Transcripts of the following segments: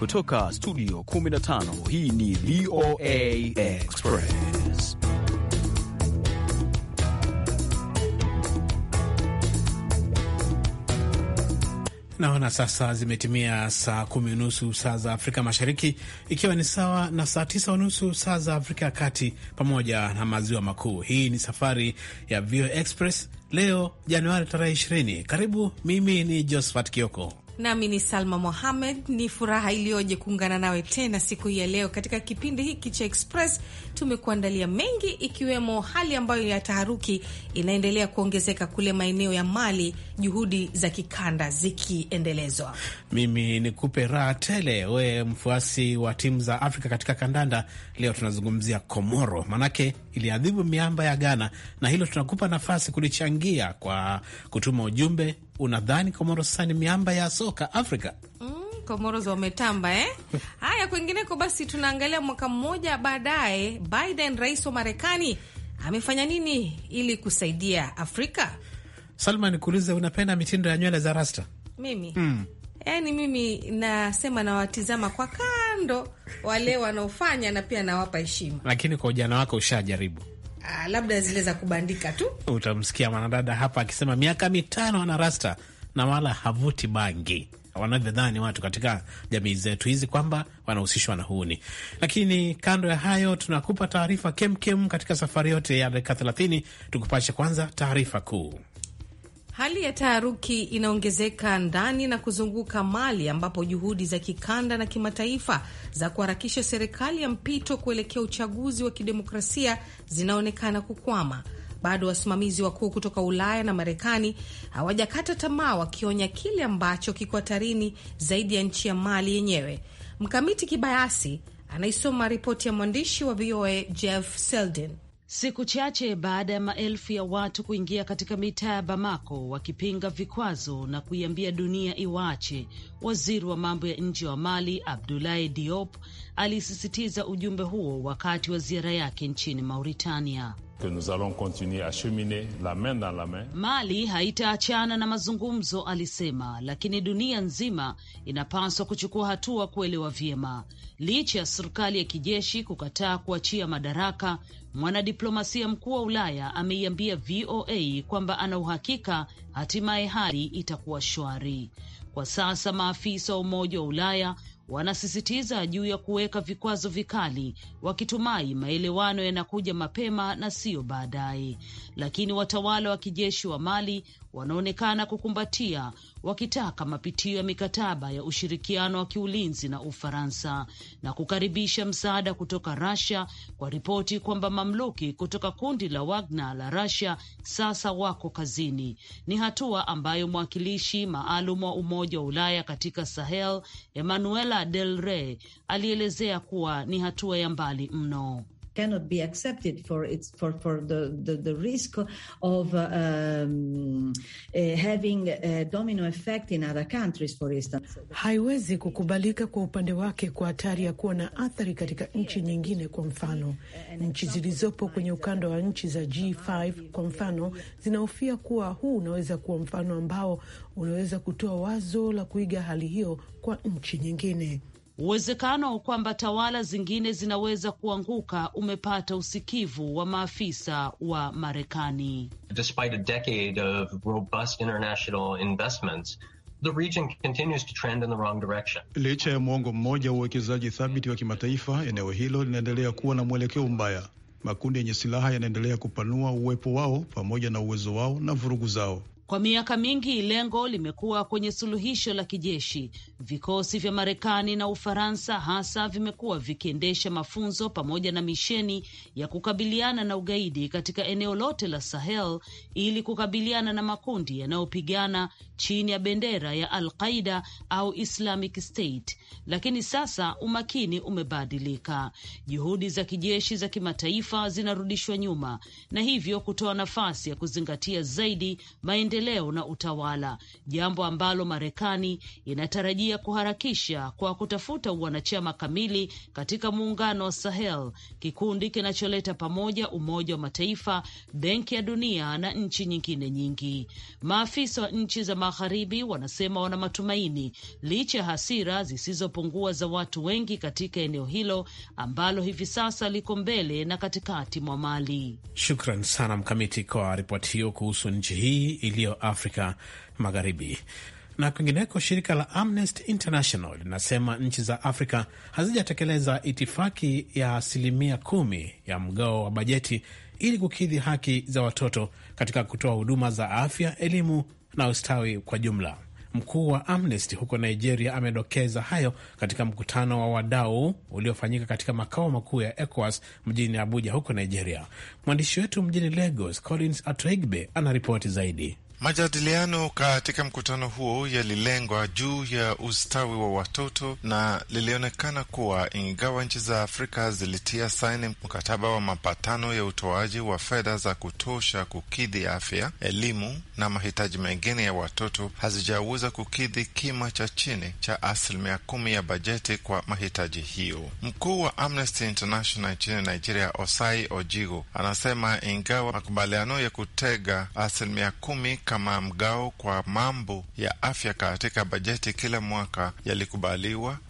Kutoka studio 15 hii ni VOA Express. Naona sasa zimetimia saa kumi unusu saa za Afrika Mashariki, ikiwa ni sawa na saa tisa unusu saa za Afrika ya Kati pamoja na maziwa makuu. Hii ni safari ya VOA Express leo Januari tarehe 20. Karibu, mimi ni Josephat Kioko nami ni Salma Mohamed. Ni furaha iliyoje kuungana nawe tena siku hii ya leo katika kipindi hiki cha Express. Tumekuandalia mengi, ikiwemo hali ambayo ya taharuki inaendelea kuongezeka kule maeneo ya Mali, juhudi za kikanda zikiendelezwa. Mimi kupe raha tele, we mfuasi wa timu za Afrika katika kandanda Leo tunazungumzia Komoro, manake iliadhibu miamba ya Ghana, na hilo tunakupa nafasi kulichangia kwa kutuma ujumbe. Unadhani Komoro sasa ni miamba ya soka Afrika? mm. Komoro wametamba eh? Haya, kwingineko basi, tunaangalia mwaka mmoja baadaye, Biden rais wa Marekani amefanya nini ili kusaidia Afrika? Salma, nikuulize, unapenda mitindo ya nywele za rasta? Mimi mm. Yaani mimi nasema nawatizama kwa kando wale wanaofanya, na pia nawapa heshima. Lakini kwa ujana wako ushajaribu? Ah, labda zile za kubandika tu. Utamsikia mwanadada hapa akisema miaka mitano ana rasta na wala havuti bangi, wanavyodhani watu katika jamii zetu hizi kwamba wanahusishwa na huuni Lakini kando ya hayo, tunakupa taarifa kemkem katika safari yote ya dakika 30, tukupashe kwanza taarifa kuu. Hali ya taharuki inaongezeka ndani na kuzunguka Mali, ambapo juhudi za kikanda na kimataifa za kuharakisha serikali ya mpito kuelekea uchaguzi wa kidemokrasia zinaonekana kukwama. Bado wasimamizi wakuu kutoka Ulaya na Marekani hawajakata tamaa, wakionya kile ambacho kiko hatarini zaidi ya nchi ya Mali yenyewe. Mkamiti Kibayasi anaisoma ripoti ya mwandishi wa VOA Jeff Selden siku chache baada ya maelfu ya watu kuingia katika mitaa ya Bamako wakipinga vikwazo na kuiambia dunia iwaache. Waziri wa mambo ya nje wa Mali Abdoulaye Diop alisisitiza ujumbe huo wakati wa ziara yake nchini Mauritania. Que nous allons continuer à cheminer la main dans la main. Mali haitaachana na mazungumzo alisema, lakini dunia nzima inapaswa kuchukua hatua kuelewa vyema. Licha ya serikali ya kijeshi kukataa kuachia madaraka, Mwanadiplomasia mkuu wa Ulaya ameiambia VOA kwamba ana uhakika hatimaye hali itakuwa shwari. Kwa sasa maafisa wa Umoja wa Ulaya wanasisitiza juu ya kuweka vikwazo vikali, wakitumai maelewano yanakuja mapema na siyo baadaye, lakini watawala wa kijeshi wa Mali wanaonekana kukumbatia wakitaka mapitio ya mikataba ya ushirikiano wa kiulinzi na Ufaransa na kukaribisha msaada kutoka rasia kwa ripoti kwamba mamluki kutoka kundi la Wagner la Rasia sasa wako kazini. Ni hatua ambayo mwakilishi maalum wa Umoja wa Ulaya katika Sahel Emanuela Del Rey alielezea kuwa ni hatua ya mbali mno cannot be accepted for its for for the the, the risk of uh, um, uh, having a domino effect in other countries for instance. Haiwezi kukubalika kwa upande wake kwa hatari ya kuwa na athari katika nchi nyingine. Kwa mfano, nchi zilizopo kwenye ukanda wa nchi za G5 kwa mfano zinahofia kuwa huu unaweza kuwa mfano ambao unaweza kutoa wazo la kuiga hali hiyo kwa nchi nyingine. Uwezekano kwamba tawala zingine zinaweza kuanguka umepata usikivu wa maafisa wa Marekani. Licha ya mwongo mmoja wa uwekezaji thabiti wa kimataifa, eneo hilo linaendelea kuwa na mwelekeo mbaya. Makundi yenye silaha yanaendelea kupanua uwepo wao pamoja na uwezo wao na vurugu zao. Kwa miaka mingi lengo limekuwa kwenye suluhisho la kijeshi Vikosi vya Marekani na Ufaransa hasa vimekuwa vikiendesha mafunzo pamoja na misheni ya kukabiliana na ugaidi katika eneo lote la Sahel ili kukabiliana na makundi yanayopigana chini ya bendera ya Al-Qaida au Islamic State. Lakini sasa umakini umebadilika. Juhudi za kijeshi za kimataifa zinarudishwa nyuma na hivyo kutoa nafasi ya kuzingatia zaidi maendeleo na utawala, jambo ambalo Marekani inatarajia ya kuharakisha kwa kutafuta wanachama kamili katika muungano wa Sahel, kikundi kinacholeta pamoja Umoja wa Mataifa, Benki ya Dunia na nchi nyingine nyingi. Maafisa wa nchi za magharibi wanasema wana matumaini licha ya hasira zisizopungua za watu wengi katika eneo hilo ambalo hivi sasa liko mbele na katikati mwa Mali. Shukran sana Mkamiti kwa ripoti hiyo kuhusu nchi hii iliyo Afrika Magharibi. Na kwingineko, shirika la Amnesty International linasema nchi za Afrika hazijatekeleza itifaki ya asilimia kumi ya mgao wa bajeti ili kukidhi haki za watoto katika kutoa huduma za afya, elimu na ustawi kwa jumla. Mkuu wa Amnesty huko Nigeria amedokeza hayo katika mkutano wa wadau uliofanyika katika makao makuu ya ECOWAS mjini Abuja huko Nigeria. Mwandishi wetu mjini Lagos, Collins Atoigbe, ana ripoti zaidi. Majadiliano katika mkutano huo yalilengwa juu ya ustawi wa watoto na lilionekana kuwa ingawa nchi za Afrika zilitia saini mkataba wa mapatano ya utoaji wa fedha za kutosha kukidhi afya, elimu na mahitaji mengine ya watoto, hazijaweza kukidhi kima cha chini cha asilimia kumi ya bajeti kwa mahitaji hiyo. Mkuu wa Amnesty International nchini Nigeria, Osai Ojigo, anasema ingawa makubaliano ya kutega asilimia kumi kama mgao kwa mambo ya afya katika bajeti kila mwaka yalikubaliwa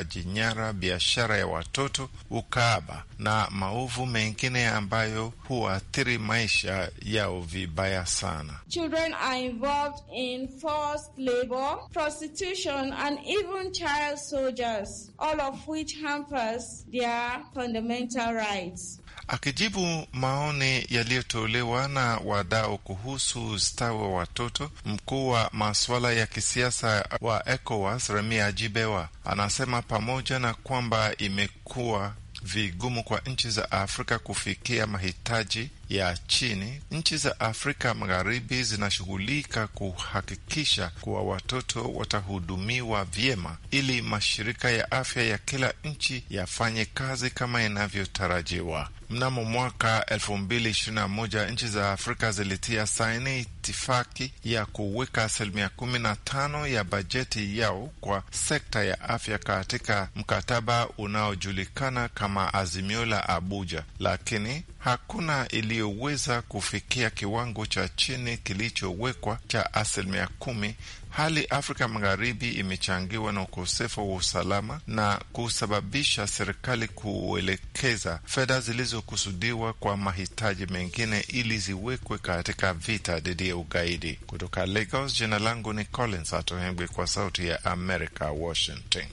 utekaji nyara, biashara ya watoto, ukaaba na maovu mengine ambayo huathiri maisha yao vibaya sana. Children are involved in forced labor, prostitution and even child soldiers, all of which hampers their fundamental rights. Akijibu maoni yaliyotolewa na wadau kuhusu ustawi wa watoto, mkuu wa masuala ya kisiasa wa ECOWAS Remia Ajibewa anasema pamoja na kwamba imekuwa vigumu kwa nchi za Afrika kufikia mahitaji ya chini, nchi za Afrika Magharibi zinashughulika kuhakikisha kuwa watoto watahudumiwa vyema ili mashirika ya afya ya kila nchi yafanye kazi kama inavyotarajiwa. Mnamo mwaka 2021 nchi za Afrika zilitia saini itifaki ya kuweka asilimia 15 ya bajeti yao kwa sekta ya afya katika mkataba unaojulikana kama Azimio la Abuja, lakini hakuna iliyoweza kufikia kiwango cha chini kilichowekwa cha asilimia kumi. Hali Afrika Magharibi imechangiwa na ukosefu wa usalama na kusababisha serikali kuelekeza fedha zilizokusudiwa kwa mahitaji mengine ili ziwekwe katika vita dhidi ya ugaidi. Kutoka Lagos, jina langu ni Collins Atohengwi, kwa Sauti ya America, Washington.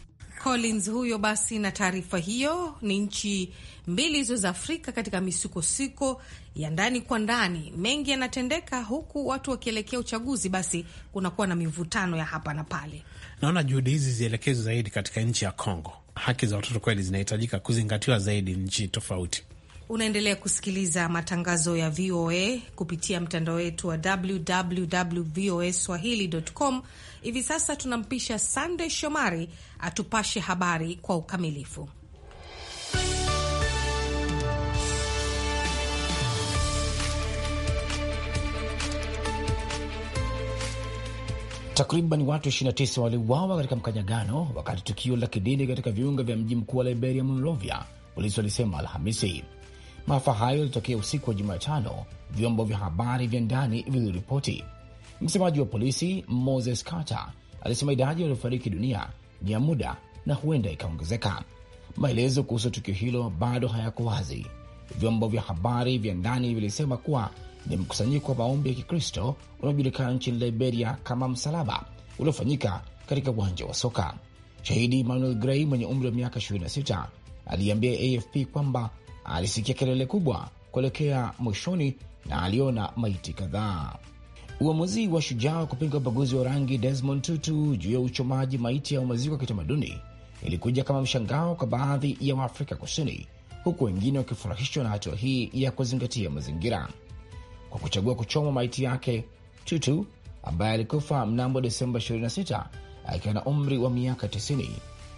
Collins huyo. Basi na taarifa hiyo, ni nchi mbili hizo za Afrika katika misukosuko ya ndani kwa ndani, mengi yanatendeka huku watu wakielekea uchaguzi, basi kunakuwa na mivutano ya hapa na pale. Naona juhudi hizi zielekezwe zaidi katika nchi ya Kongo. Haki za watoto kweli zinahitajika kuzingatiwa zaidi nchi tofauti. Unaendelea kusikiliza matangazo ya VOA kupitia mtandao wetu wa www voa swahili.com. Hivi sasa tunampisha Sandey Shomari atupashe habari kwa ukamilifu. Takriban watu 29 waliuawa katika mkanyagano wakati tukio la kidini katika viunga vya mji mkuu wa Liberia, Monrovia, polisi walisema Alhamisi Maafa hayo yalitokea usiku wa Jumatano, vyombo vya habari vya ndani viliripoti. Msemaji wa polisi Moses Carter alisema idadi waliofariki dunia ni ya muda na huenda ikaongezeka. Maelezo kuhusu tukio hilo bado hayako wazi. Vyombo vya habari vya ndani vilisema kuwa ni mkusanyiko wa maombi ya Kikristo unaojulikana nchini Liberia kama Msalaba, uliofanyika katika uwanja wa soka. Shahidi Manuel Gray mwenye umri wa miaka 26 aliambia AFP kwamba alisikia kelele kubwa kuelekea mwishoni na aliona maiti kadhaa. Uamuzi wa shujaa wa kupinga ubaguzi wa rangi Desmond Tutu juu ya uchomaji maiti au maziko ya kitamaduni ilikuja kama mshangao kwa baadhi ya Waafrika Kusini, huku wengine wakifurahishwa na hatua hii ya kuzingatia mazingira. Kwa kuchagua kuchoma maiti yake, Tutu ambaye alikufa mnamo Desemba 26 akiwa na umri wa miaka 90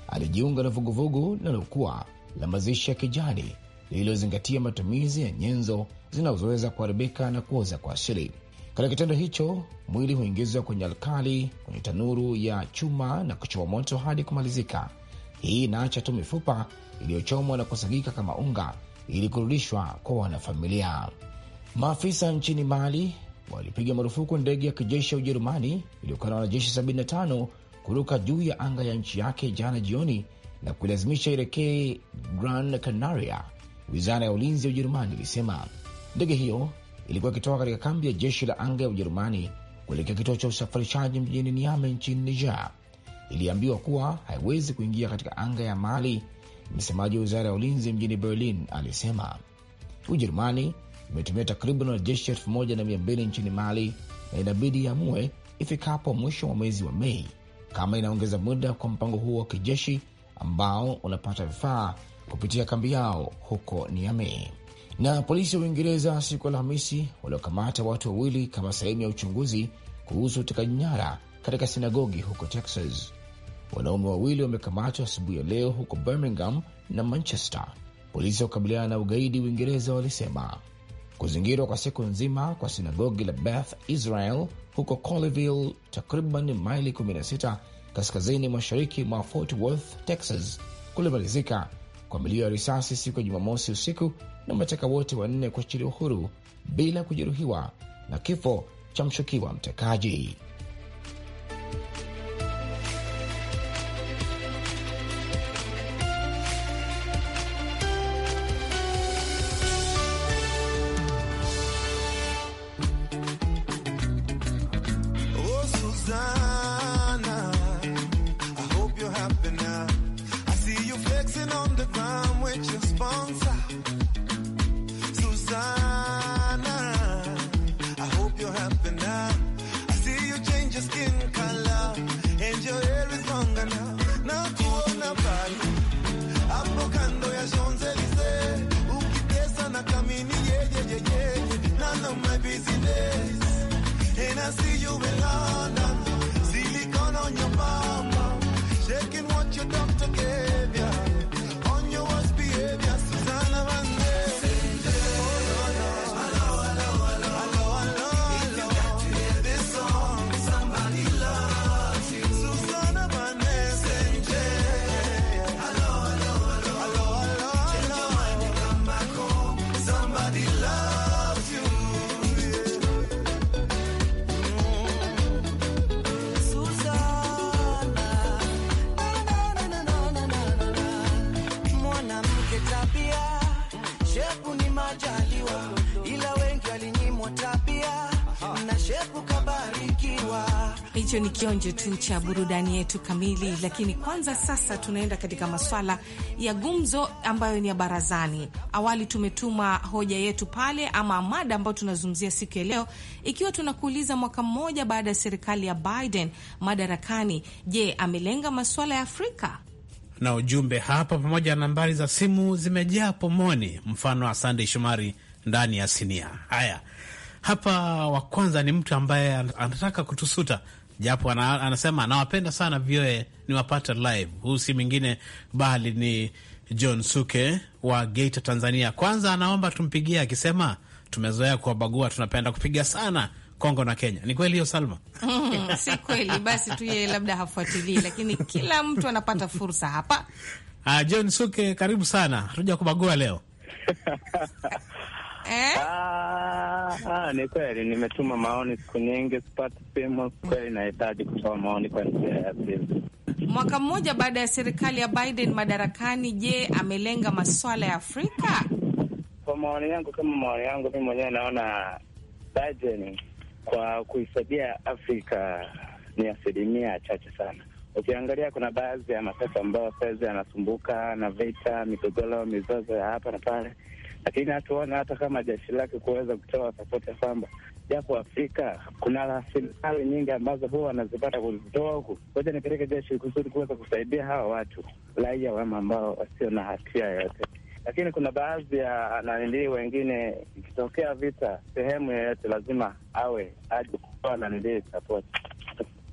alijiunga na vuguvugu linalokuwa la mazishi ya kijani lililozingatia matumizi ya nyenzo zinazoweza kuharibika na kuoza kwa asili. Katika kitendo hicho, mwili huingizwa kwenye alkali kwenye tanuru ya chuma na kuchoma moto hadi kumalizika. Hii inaacha tu mifupa iliyochomwa na kusagika kama unga ili kurudishwa kwa wanafamilia. Maafisa nchini Mali walipiga marufuku ndege ya kijeshi ya Ujerumani iliyokuwa na wanajeshi 75 kuruka juu ya anga ya nchi yake jana jioni na kuilazimisha irekee Gran Canaria Wizara ya ulinzi ya Ujerumani ilisema ndege hiyo ilikuwa ikitoka katika kambi ya jeshi la anga ya Ujerumani kuelekea kituo cha usafirishaji mjini Niame nchini Niger. Iliambiwa kuwa haiwezi kuingia katika anga ya Mali. Msemaji wa wizara ya ulinzi mjini Berlin alisema Ujerumani imetumia takriban wanajeshi elfu moja na mia mbili nchini Mali na inabidi iamue ifikapo mwisho wa mwezi wa Mei kama inaongeza muda kwa mpango huo wa kijeshi ambao unapata vifaa kupitia kambi yao huko Niamey. Na polisi wa Uingereza siku Alhamisi waliokamata watu wawili kama sehemu ya uchunguzi kuhusu utekaji nyara katika sinagogi huko Texas. Wanaume wawili wamekamatwa asubuhi ya leo huko Birmingham na Manchester. Polisi wa kukabiliana na ugaidi Uingereza walisema kuzingirwa kwa siku nzima kwa sinagogi la Beth Israel huko Colleyville, takriban maili 16 kaskazini mashariki mwa Fort Worth, Texas, kulimalizika kwa milio ya risasi siku ya Jumamosi usiku na mateka wote wanne kuachiliwa huru bila kujeruhiwa na kifo cha mshukiwa mtekaji. hicho ni kionjo tu cha burudani yetu kamili, lakini kwanza sasa tunaenda katika maswala ya gumzo ambayo ni ya barazani. Awali tumetuma hoja yetu pale ama mada ambayo tunazungumzia siku ya leo, ikiwa tunakuuliza mwaka mmoja baada ya serikali ya Biden madarakani, je, amelenga maswala ya Afrika? Na ujumbe hapa pamoja na nambari za simu zimejaa pomoni, mfano wa sandey Shomari ndani ya sinia. Haya hapa, wa kwanza ni mtu ambaye anataka kutusuta japo ana, anasema anawapenda sana vioe niwapate live. Huu si mwingine bali ni John Suke wa Geita, Tanzania. Kwanza anaomba tumpigie akisema tumezoea kuwabagua, tunapenda kupiga sana Kongo na Kenya. Ni kweli hiyo Salma? Mm, si kweli? Basi tu yeye labda hafuatilii, lakini kila mtu anapata fursa hapa. Ah, John Suke, karibu sana, hatuja kubagua leo eh? Ah, ah, ni kweli nimetuma maoni siku nyingi sipati simu. Kweli nahitaji kutoa maoni kwa njia ya simu. Mwaka mmoja baada ya serikali ya Biden madarakani, je, amelenga masuala ya Afrika? Kwa maoni yangu, kama maoni yangu mi mwenyewe naona Biden kwa kuisaidia Afrika ni asilimia chache sana. Ukiangalia kuna baadhi ya mataifa ambayo saizi yanasumbuka na vita, migogoro, mizozo ya hapa na pale lakini hatuona hata kama jeshi lake kuweza kutoa sapoti ya kwamba japo Afrika kuna rasilimali nyingi ambazo huwa wanazipata kuzitoa huku, ngoja nipeleke jeshi kusudi kuweza kusaidia hawa watu raia wema ambao wasio na hatia yoyote. Lakini kuna baadhi ya nanilii wengine, ikitokea vita sehemu yoyote lazima awe aje kutoa nanilii sapoti.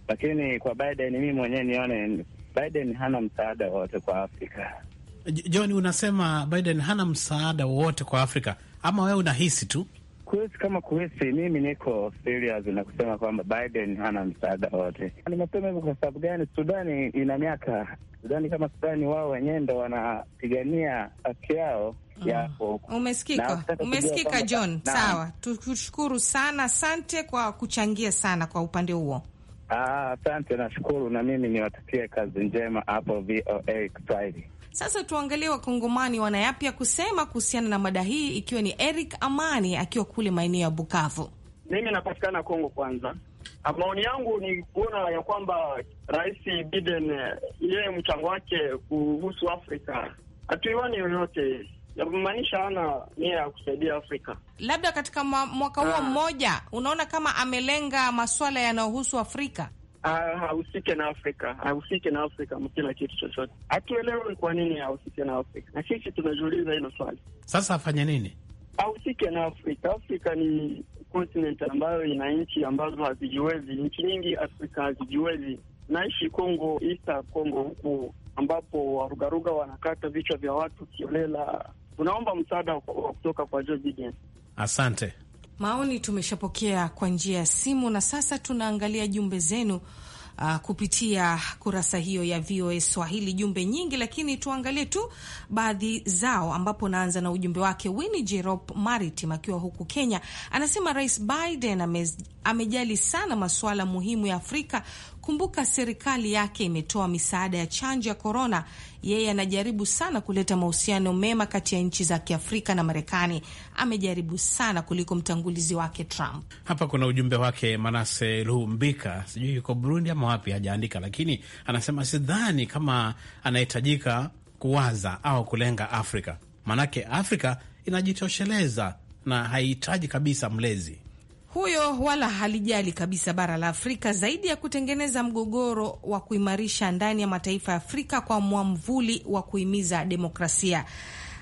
Lakini kwa Biden, mimi mwenyewe nione Biden hana msaada wote kwa Afrika. John, unasema Biden hana msaada wowote kwa Afrika, ama wewe unahisi tu? Kuhisi kama kuhisi, mimi niko serious na kusema kwamba Biden hana msaada wote. Nimesema hivyo kwa sababu gani? Sudani ina miaka, Sudani kama Sudani wao wenyewe ndo wanapigania haki yao. Uh, umesikika, umesikika John. Na, sawa, tukushukuru sana, asante kwa kuchangia sana kwa upande huo. Ah, asante, nashukuru na mimi niwatakie kazi njema hapo VOA Kiswahili. Sasa tuangalie wakongomani wanayapya kusema kuhusiana na mada hii, ikiwa ni Eric Amani akiwa kule maeneo ya Bukavu. Mimi napatikana Kongo. Kwanza, ah, maoni yangu ni kuona ya kwamba Rais Biden eh, yeye mchango wake kuhusu Afrika hatuiwani yoyote yamaanisha ana nia ya kusaidia Afrika. Labda katika mwaka huo ah. mmoja, unaona kama amelenga masuala yanayohusu Afrika hahusike na Afrika, hahusike na Afrika mkila kitu chochote. Hatuelewi ni kwa nini hahusike na Afrika, na sisi tunajiuliza hilo swali. Sasa afanye nini? hahusike na Afrika. Afrika ni continent ambayo ina nchi ambazo hazijiwezi, nchi nyingi Afrika hazijiwezi. Naishi Kongo, East Kongo huku ambapo warugaruga wanakata vichwa vya watu kiolela. Tunaomba msaada wa kutoka kwa Joe Biden. Asante. Maoni tumeshapokea kwa njia ya simu, na sasa tunaangalia jumbe zenu Uh, kupitia kurasa hiyo ya VOA Swahili, jumbe nyingi, lakini tuangalie tu baadhi zao, ambapo naanza na ujumbe wake Wini Jerop Maritim akiwa huku Kenya. Anasema Rais Biden ame, amejali sana masuala muhimu ya Afrika. Kumbuka serikali yake imetoa misaada ya chanjo ya korona yeye anajaribu sana kuleta mahusiano mema kati ya nchi za Kiafrika na Marekani. Amejaribu sana kuliko mtangulizi wake Trump. Hapa kuna ujumbe wake Manase Luhumbika, sijui yuko Burundi ama wapi, hajaandika, lakini anasema sidhani kama anahitajika kuwaza au kulenga Afrika, maanake Afrika inajitosheleza na haihitaji kabisa mlezi huyo wala halijali kabisa bara la Afrika zaidi ya kutengeneza mgogoro wa kuimarisha ndani ya mataifa ya Afrika kwa mwamvuli wa kuhimiza demokrasia.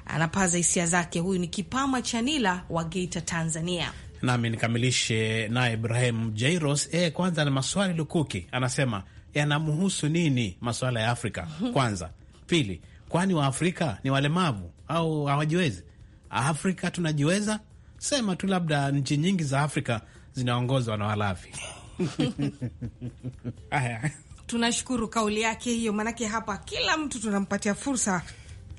Anapaza hisia zake. Huyu ni Kipama cha Nila wa Geita, Tanzania. Nami nikamilishe naye Ibrahim Jairos. E, kwanza na maswali lukuki, anasema yanamhusu nini maswala ya Afrika kwanza? Pili, kwani Waafrika ni walemavu au hawajiwezi? Afrika tunajiweza sema tu labda nchi nyingi za Afrika zinaongozwa na Walafi. tunashukuru kauli yake hiyo, maanake hapa kila mtu tunampatia fursa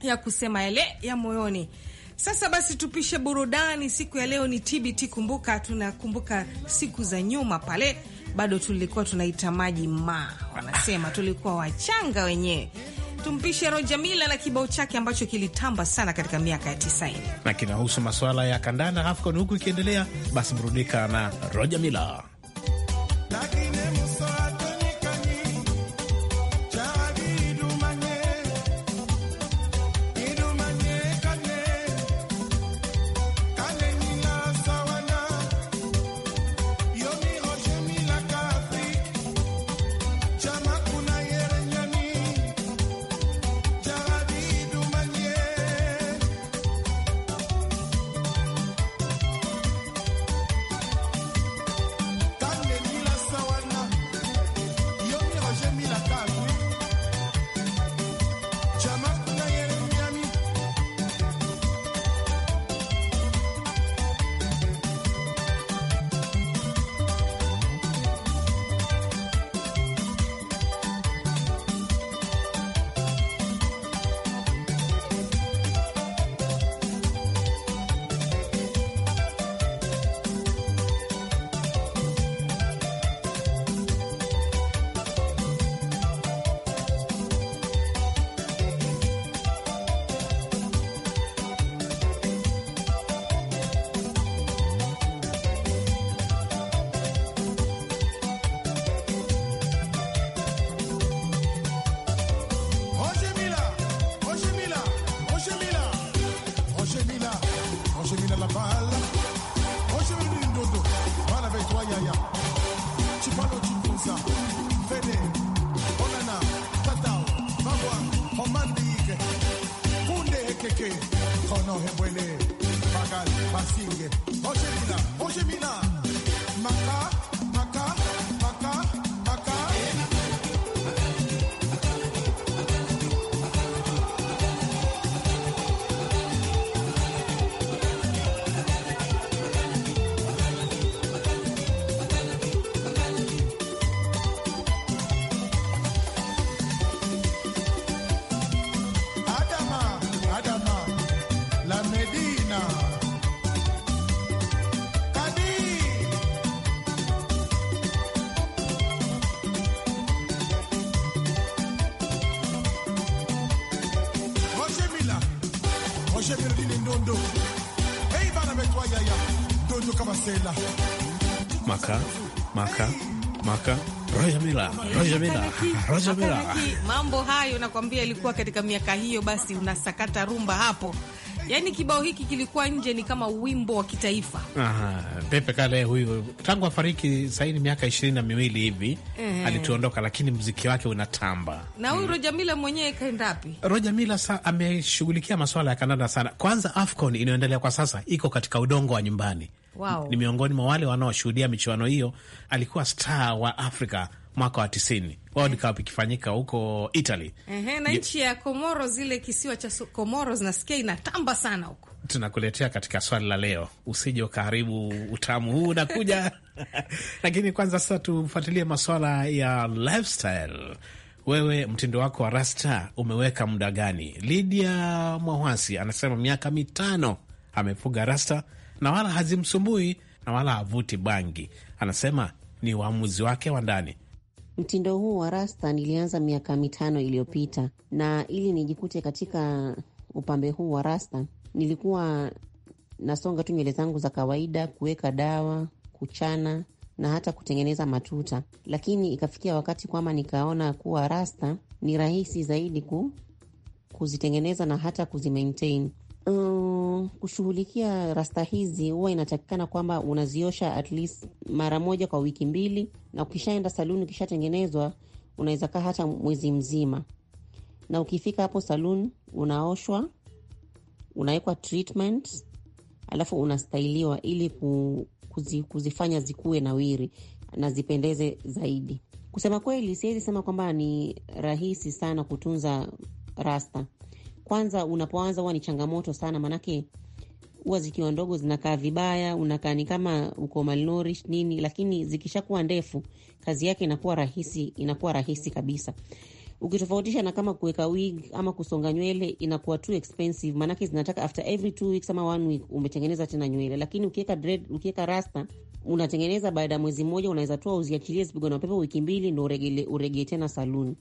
ya kusema yale ya moyoni. Sasa basi tupishe burudani siku ya leo. Ni TBT. Kumbuka, tunakumbuka siku za nyuma pale, bado tulikuwa tunaita maji ma, wanasema tulikuwa wachanga wenyewe tumpishe Rojamila na kibao chake ambacho kilitamba sana katika miaka ya 90 na kinahusu masuala ya kandanda AFCON huku ikiendelea, basi burudika na Rojamila. conoce, oh, huele, pagar, seguir maka maka maka Rojamila, Rojamila, Rojamila. Mambo hayo nakwambia, ilikuwa katika miaka hiyo, basi unasakata rumba hapo. Yaani kibao hiki kilikuwa nje, ni kama wimbo wa kitaifa. Aha, Pepe Kale huyu tangu afariki saini miaka ishirini na miwili hivi e, alituondoka, lakini mziki wake unatamba. Na huyu hmm, Mila mwenyewe kaenda wapi? Roja Mila sa ameshughulikia masuala ya Kanada sana. Kwanza AFCON inayoendelea kwa sasa iko katika udongo wa nyumbani wow. Ni miongoni mwa wale wanaoshuhudia michuano hiyo. Alikuwa star wa Afrika mwaka wa tisini World Cup ikifanyika huko Italy. Ehe, na nchi ya Komoro, zile kisiwa cha Komoro zinasikia inatamba sana huko. Tunakuletea katika swali la leo, usije ukaharibu utamu huu unakuja. Lakini kwanza sasa tufuatilie maswala ya lifestyle. Wewe mtindo wako wa rasta umeweka muda gani? Lydia Mwawasi anasema miaka mitano amefuga rasta na wala hazimsumbui na wala havuti bangi. Anasema ni uamuzi wake wa ndani. Mtindo huu wa rasta nilianza miaka mitano iliyopita, na ili nijikute katika upambe huu wa rasta, nilikuwa nasonga tu nywele zangu za kawaida, kuweka dawa, kuchana na hata kutengeneza matuta, lakini ikafikia wakati kwamba nikaona kuwa rasta ni rahisi zaidi ku, kuzitengeneza na hata kuzimaintain. Uh, kushughulikia rasta hizi huwa inatakikana kwamba unaziosha at least mara moja kwa wiki mbili, na ukishaenda saluni ukishatengenezwa unaweza kaa hata mwezi mzima, na ukifika hapo saluni unaoshwa, unawekwa treatment, alafu unastailiwa ili kuzi, kuzifanya zikuwe nawiri na zipendeze zaidi. Kusema kweli, siwezi sema kwamba ni rahisi sana kutunza rasta, kwanza unapoanza huwa ni changamoto sana, maanake huwa zikiwa ndogo zinakaa vibaya, unakaa ni kama uko malnourished nini, lakini zikishakuwa ndefu kazi yake inakuwa rahisi, inakuwa rahisi kabisa ukitofautisha na kama kuweka wig ama kusonga nywele inakuwa too expensive, maanake zinataka after every two weeks ama one week umetengeneza tena nywele. Lakini ukiweka dread, ukiweka rasta unatengeneza baada ya mwezi mmoja, unaweza toa uziachilie zipigwa na upepo, wiki mbili ndo uregee tena saluni.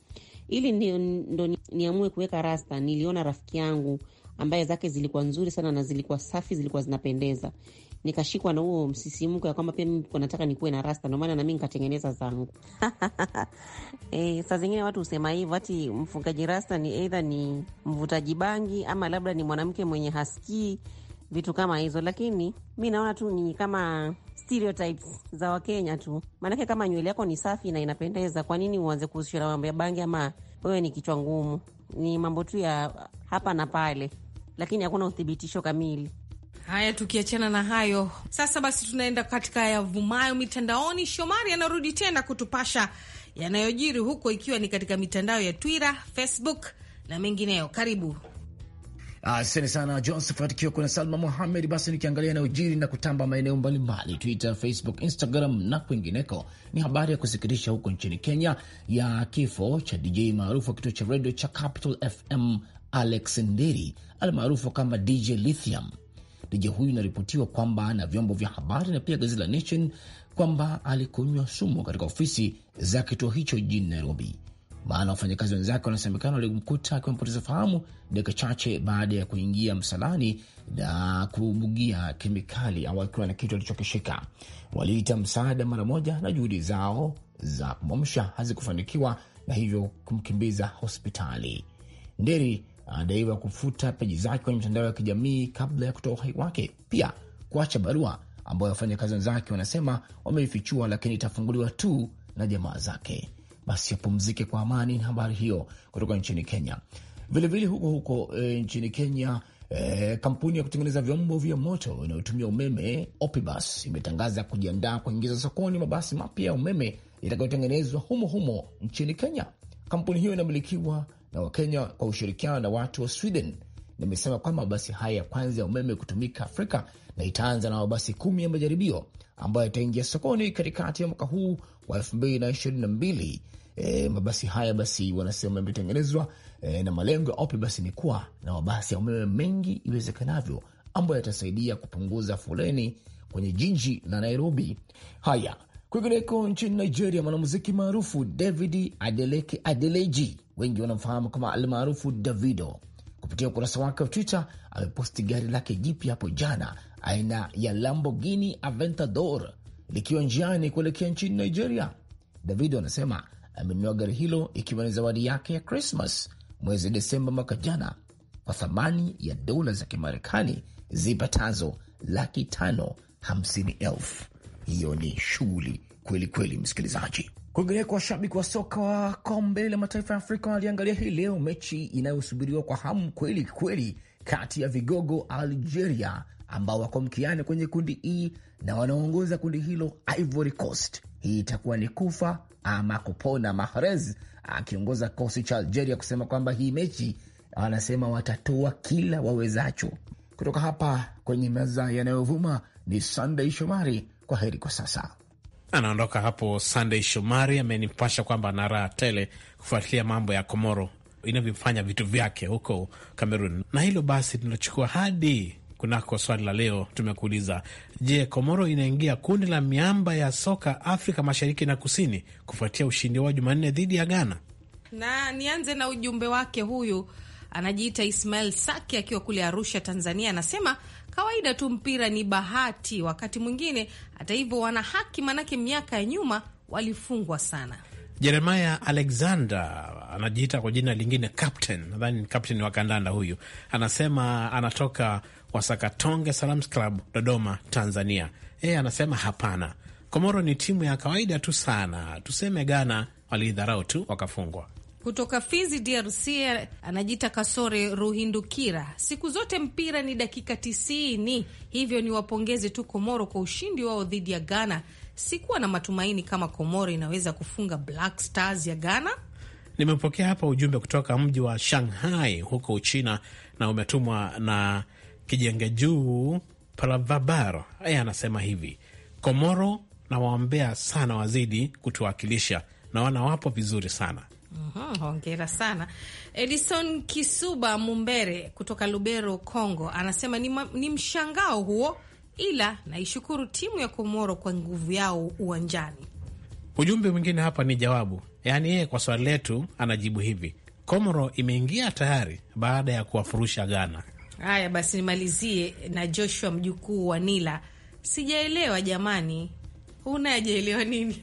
Ili ndo niamue kuweka rasta, niliona rafiki yangu ambaye zake zilikuwa nzuri sana na zilikuwa safi, zilikuwa zinapendeza nikashikwa na huo msisimko ya kwamba pia mimi nataka nikuwe na rasta, ndio maana nami nikatengeneza zangu. Eh, saa zingine watu husema hivyo ati mfungaji rasta ni eidha ni mvutaji bangi ama labda ni mwanamke mwenye hasikii vitu kama hizo, lakini mi naona tu ni kama stereotypes za Wakenya tu. Maanake kama nywele yako ni safi na inapendeza, kwa nini uanze kuhusishwa na mambo ya bangi ama wewe ni kichwa ngumu? Ni mambo tu ya hapa na pale, lakini hakuna uthibitisho kamili. Haya, tukiachana na hayo sasa, basi tunaenda katika yavumayo mitandaoni. Shomari anarudi tena kutupasha yanayojiri huko, ikiwa ni katika mitandao ya Twitter, Facebook na mengineyo. Karibu. Asante sana Josephat Kioko na Salma Muhamed. Basi nikiangalia yanayojiri na kutamba maeneo mbalimbali, Twitter, Facebook, Instagram na kwingineko, ni habari ya kusikitisha huko nchini Kenya ya kifo cha DJ maarufu wa kituo cha redio cha Capital FM Alex Nderi almaarufu kama DJ Lithium DJ huyu inaripotiwa kwamba na vyombo vya habari na pia gazeti la Nation kwamba alikunywa sumu katika ofisi za kituo hicho jijini Nairobi, maana wafanyakazi wenzake wanasemekana walimkuta akiwa mpoteza fahamu dakika chache baada ya kuingia msalani na kubugia kemikali au akiwa na kitu alichokishika. Waliita msaada mara moja na juhudi zao za kumwamsha hazikufanikiwa na hivyo kumkimbiza hospitali. Nderi anadaiwa kufuta peji zake kwenye mitandao ya kijamii kabla ya kutoa uhai wake, pia kuacha barua ambayo wafanyakazi wenzake wanasema wameifichua, lakini itafunguliwa tu na jamaa zake. Basi apumzike kwa amani. Na habari hiyo kutoka nchini Kenya. Vilevile vile huko huko e, nchini Kenya e, kampuni ya kutengeneza vyombo vya moto inayotumia umeme Opibus imetangaza kujiandaa kuingiza sokoni mabasi mapya ya umeme itakayotengenezwa humo humo nchini Kenya. Kampuni hiyo inamilikiwa na Wakenya kwa ushirikiano na watu wa Sweden imesema kwamba mabasi haya ya kwanza ya umeme kutumika Afrika na itaanza na mabasi kumi ya majaribio ambayo yataingia sokoni katikati ya mwaka huu wa elfu mbili na ishirini na mbili. E, mabasi haya basi wanasema yametengenezwa e, na malengo ya OPI basi ni kuwa na mabasi ya umeme mengi iwezekanavyo ambayo yatasaidia kupunguza foleni kwenye jiji la Nairobi. Haya Kwingineko nchini Nigeria, mwanamuziki maarufu David Adeleke Adeleji, wengi wanamfahamu kama almaarufu Davido, kupitia ukurasa wake wa Twitter ameposti gari lake jipya hapo jana aina ya Lamborghini Aventador likiwa njiani kuelekea nchini Nigeria. Davido anasema amenunua gari hilo ikiwa ni zawadi yake ya Krismas mwezi Desemba mwaka jana kwa thamani ya dola za Kimarekani zipatazo laki tano hamsini elfu hiyo ni shughuli kweli kweli, msikilizaji. kuingelea kwa washabiki wa soka wa kombe la mataifa ya Afrika waliangalia hii leo mechi inayosubiriwa kwa hamu kweli kweli kati ya vigogo Algeria ambao wako mkiani kwenye kundi E na wanaongoza kundi hilo Ivory Coast. Hii itakuwa ni kufa ama kupona. Mahrez akiongoza kikosi cha Algeria kusema kwamba hii mechi wanasema watatoa kila wawezacho. Kutoka hapa kwenye meza yanayovuma ni Sunday Shomari kwa heri kwa sasa. Anaondoka hapo Sunday Shomari, amenipasha kwamba ana raha tele kufuatilia mambo ya Komoro inavyofanya vitu vyake huko Kamerun. Na hilo basi tunachukua hadi kunako swali la leo. Tumekuuliza, je, Komoro inaingia kundi la miamba ya soka Afrika Mashariki na Kusini kufuatia ushindi wao Jumanne dhidi ya Ghana? Na nianze na ujumbe wake huyu, anajiita Ismail Saki akiwa kule Arusha, Tanzania, anasema Kawaida tu mpira ni bahati, wakati mwingine hata hivyo wana haki, manake miaka ya nyuma walifungwa sana. Jeremaya Alexander anajiita kwa jina lingine captain, nadhani ni captain wa kandanda huyu, anasema anatoka Wasakatonge Salams Club, Dodoma, Tanzania. Yeye anasema hapana, Komoro ni timu ya kawaida tu sana, tuseme Ghana walidharau tu wakafungwa kutoka Fizi, DRC, anajita Kasore Ruhindukira. Siku zote mpira ni dakika tisini, hivyo ni wapongeze tu Komoro kwa ushindi wao dhidi ya Ghana. Sikuwa na matumaini kama Komoro inaweza kufunga Black Stars ya Ghana. Nimepokea hapa ujumbe kutoka mji wa Shanghai huko Uchina, na umetumwa na kijenge Juu Palavabar. Yeye anasema hivi: Komoro nawaombea sana wazidi kutuwakilisha, naona wapo vizuri sana mm hongera sana Edison Kisuba Mumbere kutoka Lubero, Congo, anasema ni, ma, ni mshangao huo, ila naishukuru timu ya Komoro kwa nguvu yao uwanjani. Ujumbe mwingine hapa ni jawabu, yaani yeye kwa swali letu anajibu hivi, Komoro imeingia tayari baada ya kuwafurusha Ghana. Haya basi, nimalizie na Joshua mjukuu wa Nila, sijaelewa jamani unajeelewa nini?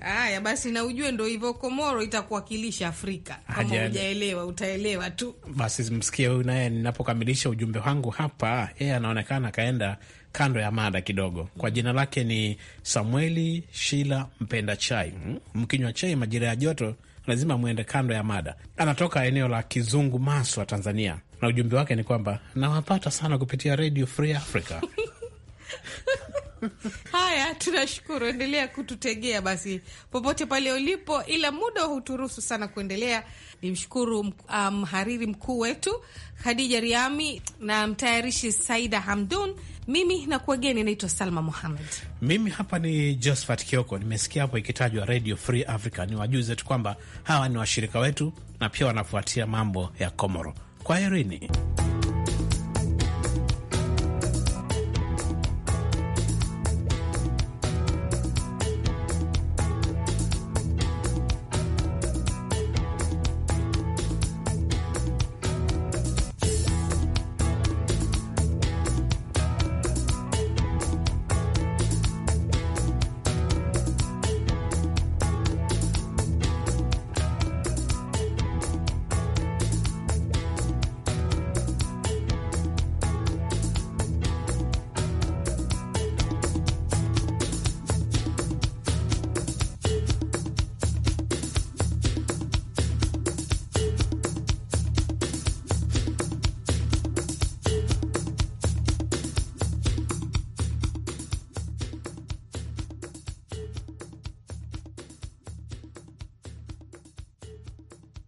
Haya basi, na ujue ndo hivyo, Komoro itakuwakilisha Afrika. Kama hujaelewa utaelewa tu. Basi msikie huyu naye, ninapokamilisha ujumbe wangu hapa. Yeye anaonekana akaenda kando ya mada kidogo. Kwa jina lake ni Samueli Shila Mpenda Chai. Mm-hmm. Mkinywa chai majira ya joto, lazima mwende kando ya mada. Anatoka eneo la Kizungu, Maswa, Tanzania, na ujumbe wake ni kwamba nawapata sana kupitia Radio Free Africa. Haya, tunashukuru, endelea kututegea basi popote pale ulipo, ila muda huturuhusu sana kuendelea. Nimshukuru mhariri um, mkuu wetu Khadija Riami na mtayarishi Saida Hamdun. Mimi na kuwageni naitwa Salma Muhamed. Mimi hapa ni Josphat Kioko. Nimesikia hapo ikitajwa Radio Free Africa, ni wajuze tu kwamba hawa ni washirika wetu na pia wanafuatia mambo ya Komoro. Kwaherini.